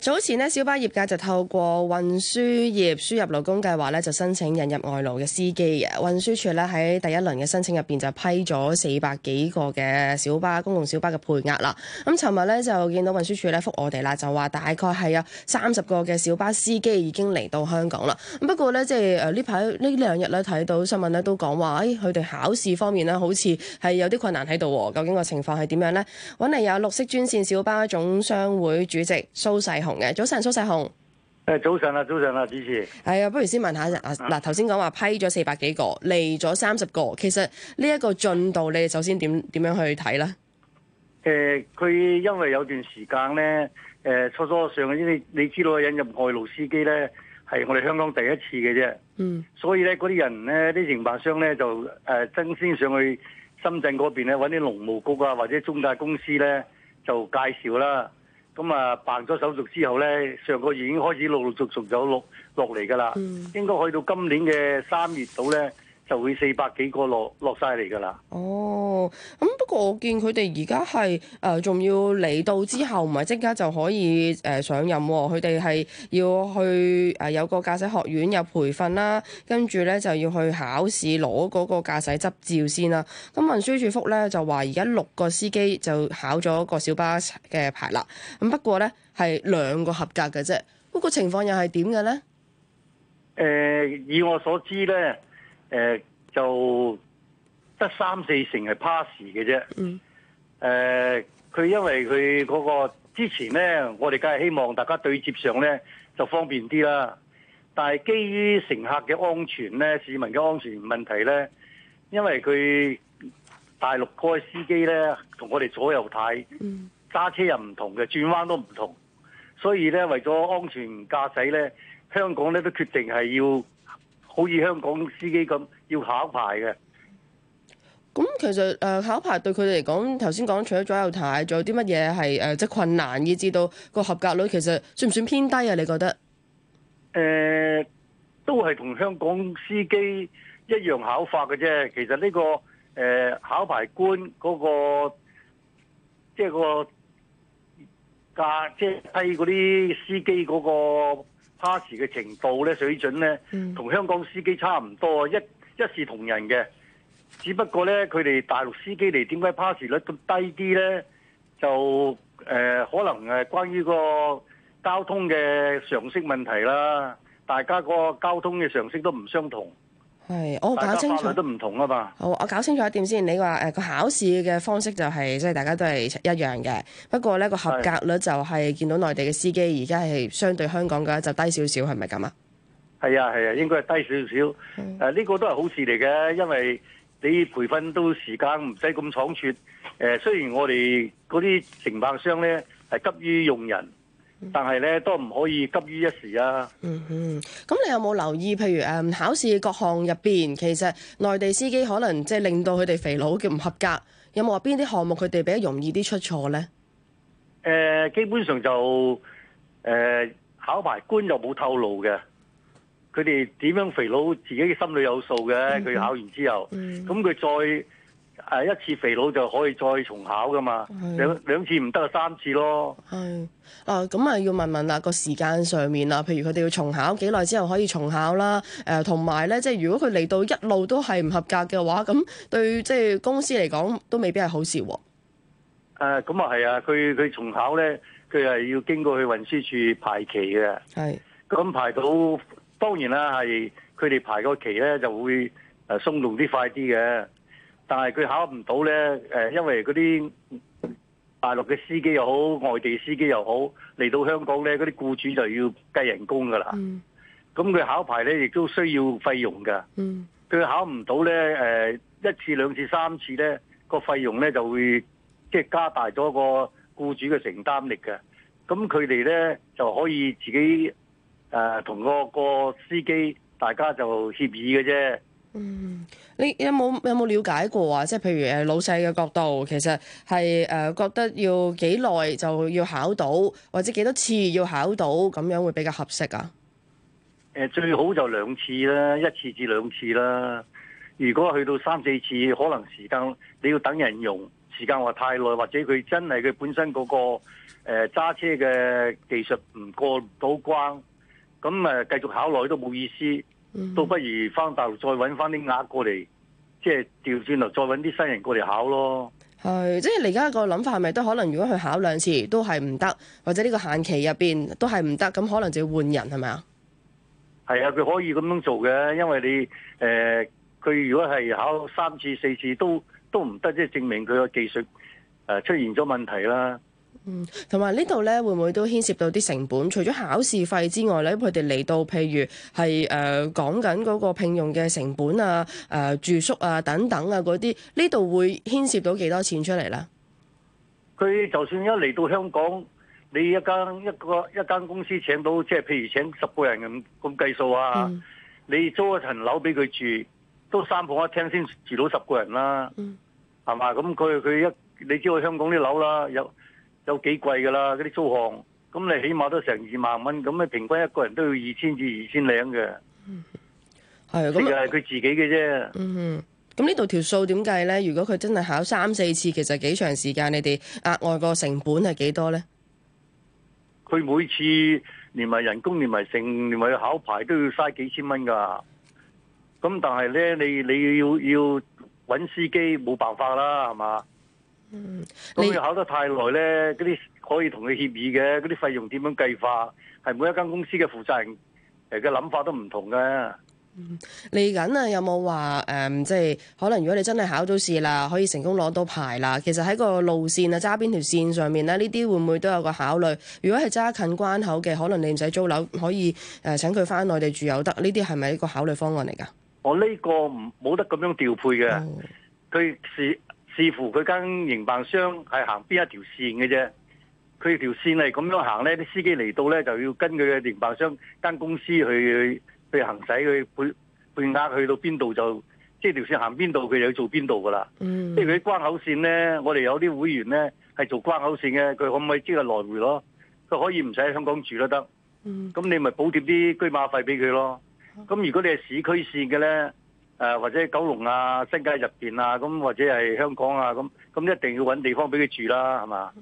早前呢，小巴業界就透過運輸業輸入勞工計劃咧，就申請引入外勞嘅司機嘅。運輸處咧，喺第一輪嘅申請入面就批咗四百幾個嘅小巴、公共小巴嘅配額啦。咁尋日咧就見到運輸處咧覆我哋啦，就話大概係有三十個嘅小巴司機已經嚟到香港啦。咁不過咧，即係呢排呢兩日咧睇到新聞咧都講話誒佢哋考試方面咧好似係有啲困難喺度喎。究竟個情況係點樣呢？搵嚟有綠色專線小巴總商會主席蘇世大雄嘅早晨，蘇世雄。誒，早晨啦，早晨啦，主持。係、哎、啊，不如先問下啊，嗱，頭先講話批咗四百幾個，嚟咗三十個，其實呢一個進度，你哋首先點點樣,樣去睇咧？誒、呃，佢因為有段時間咧，誒、呃，初初上嘅，你你知道引入外勞司機咧，係我哋香港第一次嘅啫。嗯。所以咧，嗰啲人咧，啲營辦商咧，就誒爭先上去深圳嗰邊咧，揾啲農務局啊，或者中介公司咧，就介紹啦。咁啊，辦咗手續之後咧，上個月已經開始陸陸續續有落落嚟㗎啦，應該去到今年嘅三月度咧。就會四百幾個落落晒嚟噶啦。哦，咁不過我見佢哋而家係誒仲要嚟到之後，唔係即刻就可以誒、呃、上任、哦。佢哋係要去誒、呃、有個駕駛學院有培訓啦，跟住咧就要去考試攞嗰個駕駛執照先啦。咁運輸署福咧就話而家六個司機就考咗個小巴嘅牌啦。咁不過咧係兩個合格嘅啫。不過情況又係點嘅咧？誒、呃，以我所知咧。誒、呃、就得三四成係 pass 嘅啫、呃，誒、mm. 佢因為佢嗰個之前呢，我哋梗係希望大家對接上呢就方便啲啦。但係基於乘客嘅安全呢，市民嘅安全問題呢，因為佢大陸嗰司機呢，同我哋左右軚，揸、mm. 車又唔同嘅，轉彎都唔同，所以呢，為咗安全駕駛呢，香港呢都決定係要。好似香港司機咁要考牌嘅，咁其實誒考牌對佢哋嚟講，頭先講除咗左右睇，仲有啲乜嘢係誒即係困難，以至到個合格率其實算唔算偏低啊？你覺得？誒，都係同香港司機一樣考法嘅啫。其實呢、這個誒、呃、考牌官嗰個即係個價，即係低嗰啲司機嗰個。就是那個 pass 嘅程度咧、水準咧，同、嗯、香港司機差唔多，一一視同仁嘅。只不過咧，佢哋大陸司機嚟，點解 pass 率咁低啲咧？就誒、呃，可能誒，關於個交通嘅常識問題啦，大家個交通嘅常識都唔相同。係，我、哦、搞清楚都唔同啊嘛。好，我搞清楚一點先。你話誒個考試嘅方式就係即係大家都係一樣嘅，不過呢個合格率就係、是、見到內地嘅司機而家係相對香港嘅話就低少少，係咪咁啊？係啊係啊，應該係低少少。誒呢個都係好事嚟嘅，因為你培訓都時間唔使咁倉促。誒、呃、雖然我哋嗰啲承辦商呢係急於用人。但係咧，都唔可以急於一時啊！嗯嗯，咁你有冇留意？譬如誒考試各項入邊，其實內地司機可能即係令到佢哋肥佬嘅唔合格。有冇話邊啲項目佢哋比較容易啲出錯咧？誒、呃，基本上就誒、呃、考牌官就冇透露嘅。佢哋點樣肥佬自己嘅心裏有數嘅。佢、嗯、考完之後，咁、嗯、佢再。誒一次肥佬就可以再重考㗎嘛，兩兩次唔得就三次咯。係啊，咁啊要問問啊個時間上面啊，譬如佢哋要重考幾耐之後可以重考啦。誒同埋咧，即係如果佢嚟到一路都係唔合格嘅話，咁對即係、就是、公司嚟講都未必係好事喎。誒咁啊係啊，佢、啊、佢、啊、重考咧，佢係要經過去運輸處排期嘅。係咁排到當然啦，係佢哋排個期咧就會誒鬆動啲快啲嘅。但係佢考唔到呢，誒，因為嗰啲大陸嘅司機又好，外地司機又好，嚟到香港呢，嗰啲僱主就要計人工噶啦。咁、嗯、佢考牌呢，亦都需要費用噶。佢、嗯、考唔到呢，誒，一次、兩次、三次呢，個費用呢，就會即係加大咗個僱主嘅承擔力嘅。咁佢哋呢，就可以自己誒同個個司機大家就協議嘅啫。嗯，你有冇有冇了解過啊？即係譬如誒，老細嘅角度，其實係誒覺得要幾耐就要考到，或者幾多次要考到，咁樣會比較合適啊？誒，最好就兩次啦，一次至兩次啦。如果去到三四次，可能時間你要等人用，時間話太耐，或者佢真係佢本身嗰個誒呃、揸車嘅技術唔過到關，咁誒繼續考落去都冇意思。嗯、都不如翻大陸再搵翻啲額過嚟，即係調轉落再搵啲新人過嚟考咯。係即係你而家個諗法係咪都可能？如果佢考兩次都係唔得，或者呢個限期入邊都係唔得，咁可能就要換人係咪啊？係啊，佢可以咁樣做嘅，因為你誒，佢、呃、如果係考三次四次都都唔得，即係證明佢個技術誒出現咗問題啦。嗯，同埋呢度咧，會唔會都牽涉到啲成本？除咗考試費之外咧，佢哋嚟到，譬如係、呃、講緊嗰個聘用嘅成本啊、呃、住宿啊等等啊嗰啲，呢度會牽涉到幾多錢出嚟咧？佢就算一嚟到香港，你一間一個一間公司請到，即係譬如請十個人咁咁計數啊、嗯，你租一層樓俾佢住，都三房一廳先住到十個人啦、啊，係、嗯、嘛？咁佢佢一你知道香港啲樓啦，有。有幾貴噶啦，嗰啲租項，咁你起碼都成二萬蚊，咁你平均一個人都要二千至二千零嘅，嗯，係，咁又係佢自己嘅啫。嗯哼，咁呢度條數點計咧？如果佢真係考三四次，其實幾長時間？你哋額外個成本係幾多咧？佢每次連埋人工，連埋成，連埋考牌都要嘥幾千蚊噶。咁但係咧，你你要要搵司機，冇辦法啦，係嘛？嗯，如果考得太耐咧，嗰啲可以同佢協議嘅，嗰啲費用點樣計法，係每一間公司嘅負責人誒嘅諗法都唔同嘅。嚟緊啊，有冇話誒，即、嗯、係、就是、可能如果你真係考到試啦，可以成功攞到牌啦。其實喺個路線啊，揸邊條線上面咧，呢啲會唔會都有個考慮？如果係揸近關口嘅，可能你唔使租樓，可以誒請佢返內地住又得。呢啲係咪一個考慮方案嚟噶？我呢個唔冇得咁樣調配嘅，佢、嗯、是。視乎佢間營辦商係行邊一條線嘅啫，佢條線係咁樣行咧，啲司機嚟到咧，就要跟佢嘅營辦商間公司去去行駛去配配額，去到邊度就即係條線行邊度，佢就要做邊度噶啦。嗯，係佢啲關口線咧，我哋有啲會員咧係做關口線嘅，佢可唔可以即係來回咯？佢可以唔使喺香港住都得。咁、嗯、你咪補貼啲車馬費俾佢咯。咁如果你係市區線嘅咧？誒、呃，或者九龍啊、新界入邊啊，咁或者係香港啊，咁、嗯、咁、嗯、一定要揾地方俾佢住啦，係嘛？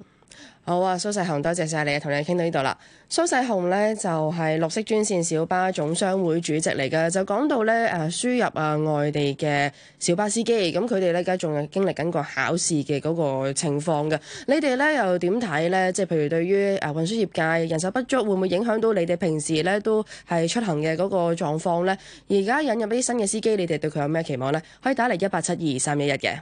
好啊，蘇世雄，多謝晒你啊，同你傾到呢度啦。蘇世雄咧就係、是、綠色專線小巴總商會主席嚟嘅，就講到咧誒，輸入啊外地嘅小巴司機，咁佢哋咧而家仲係經歷緊個考試嘅嗰個情況嘅。你哋咧又點睇咧？即係譬如對於誒運輸業界人手不足，會唔會影響到你哋平時咧都係出行嘅嗰個狀況咧？而家引入一啲新嘅司機，你哋對佢有咩期望咧？可以打嚟一八七二三一一嘅。